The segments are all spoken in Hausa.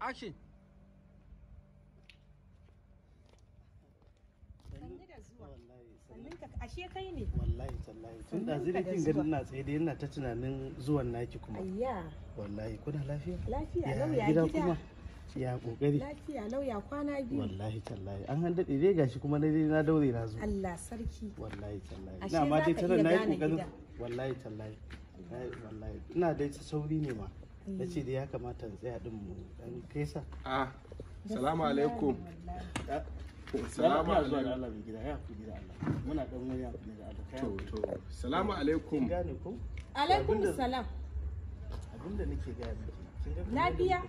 action ashe kai ne wallahi tallahi tun da ganin na tsaye yana ta tunanin zuwan naki kuma kuna lafiya gida kuma ya an gashi kuma dai na daure na zo Allah sarki wallahi tallahi na ma kokarin wallahi tallahi wallahi ina dai sauri ne ma na ce da ya kamata in tsaya din mu dan kesa a salamu alaikum salamu alaikum gida ya fi gida Allah muna dan wani abu ne da Allah to to salamu alaikum gane ko alaikum salam abinda nake ga miki lafiya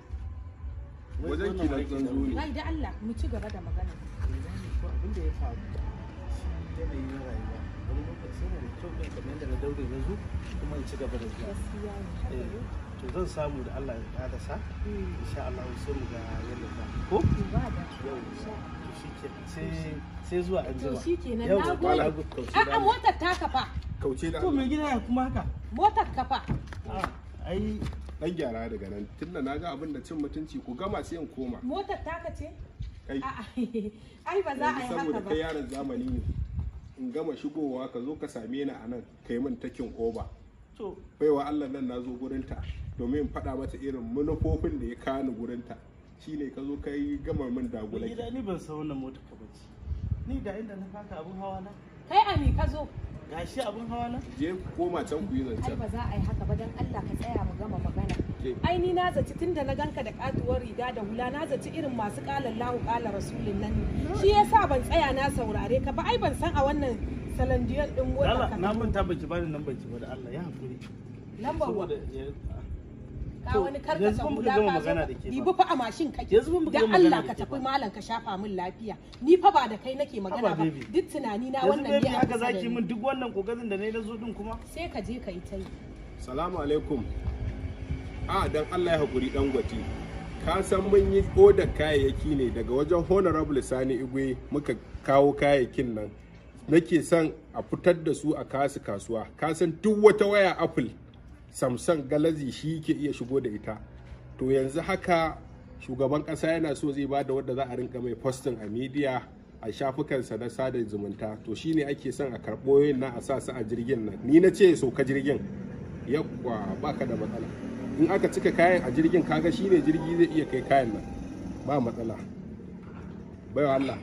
wajen ki nan zan zo ne kai da Allah mu ci gaba da magana ko abinda ya faru yanayin rayuwa wani lokaci yana da kyau ne kamar yadda na daure na zo kuma in ci gaba da zuwa to zan samu da Allah ya kada sa hmm. insha Allah sai mu ga yadda ta ko ba da sai sai zuwa an jima to shikenan na gode a'a motar ta kafa kauce da to me gida ya kuma haka motar kafa ah, ai dan gyara daga nan tunda na ga abin da cin mutunci ku gama sai in koma motar taka ce kai ai ba za a yi haka ba saboda kai yaron zamani ne in gama shigowa ka zo ka same ni a nan kai min takin oba baiwa Allah nan na zo gurinta domin in faɗa mata irin manufofin da ya kani gurinta shine ka zo ka yi gama min dagula gida ni ban san wannan mota ka bace ni da inda na faka abun hawa na kai ami ka zo gashi abun hawa na je koma can ku yi zance. ai ba za a yi haka ba dan Allah ka tsaya mu gama magana ai ni na zaci tunda na ganka da katuwar riga da hula na zaci irin masu kalallahu lahu kala rasulun nan shi yasa ban tsaya na saurare ka ba ai ban san a wannan salon diyal din mota ka na manta baki bani nan baki ba Allah ya hakuri lambar ka wani da ka ni bu fa a mashin kake dan Allah ka tafi malam ka shafa min lafiya ni fa ba da kai nake magana ba duk tunani na wannan ne haka zaki min duk wannan kokarin da nayi na zo din kuma sai ka je ka yi ta salamu alaikum a dan Allah ya hakuri dan gwati ka san mun yi odar kayayyaki ne daga wajen honorable sani igwe muka kawo kayayyakin nan nake son a fitar da su a kasu kasuwa kasan duk wata waya apple samsung galazi shi ke iya shigo da ita to yanzu haka shugaban kasa yana so zai ba da wadda za a rinka mai posting a media a shafukansa na sada zumunta to shine ake son a karɓo yin na a sa su a jirgin nan ni na ce sauka jirgin yakwa baka da matsala in aka cika kayan a jirgin kaga shine jirgi zai iya kai kayan nan ba matsala baiwa Allah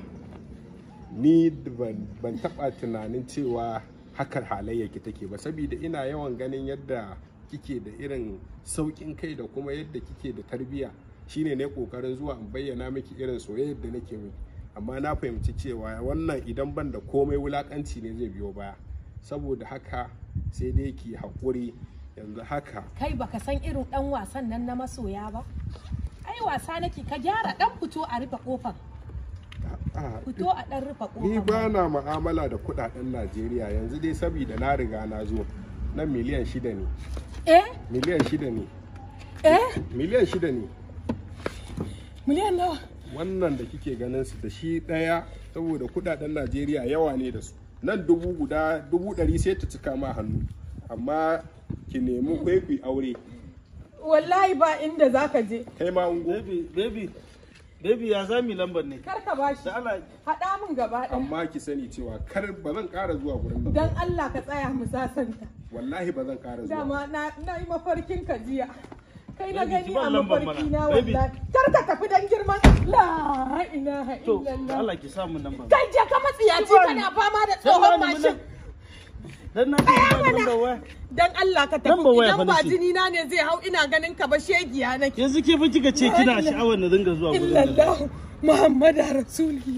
ni ban taba tunanin cewa hakar halayyarki take ba saboda ina yawan ganin yadda kike da irin sauƙin kai da kuma yadda kike da tarbiya shine ne kokarin zuwa in bayyana miki irin soyayyar da nake miki amma na fahimci cewa wannan idan ban da komai wulakanci ne zai biyo baya saboda haka sai dai ki haƙuri yanzu haka kai baka san irin dan wasan nan na masoya ba ai wasa nake ka gyara dan fito a rufe kofar ni ba na mu'amala da kudaden Najeriya yanzu dai saboda na riga na zo nan miliyan shida ne eh miliyan shida ne eh miliyan shida ne miliyan nawa wannan da kike ganin su da shi daya saboda kudaden Najeriya yawa ne da su nan dubu guda dubu ɗari sai ta cika ma hannu amma ki nemi kwaikwai aure wallahi ba inda zaka je kai ma ungo baby baby Baby ya zami lambar ne. Kar ka bashi. Da Allah. Haɗa min gaba ɗaya. Amma ki sani cewa kar ba zan ƙara zuwa gurin ba. Dan Allah ka tsaya mu sasanta. Wallahi ba zan ƙara zuwa. Dama na na yi mafarkin ka jiya. Kai na gani a mafarki na wallahi. Kar ka tafi dan girman La ilaha illallah. To Allah ki sa mu lambar. Kai je ka ci kana fama da tsohon mashin. Dan na Dan Allah ka tafi idan ba jini na ne zai hau ina ganin ka ba shegiya nake. Yanzu ke ba kika ce kina sha'awar na dinga zuwa gurin. Illallah Muhammadu Rasulullah.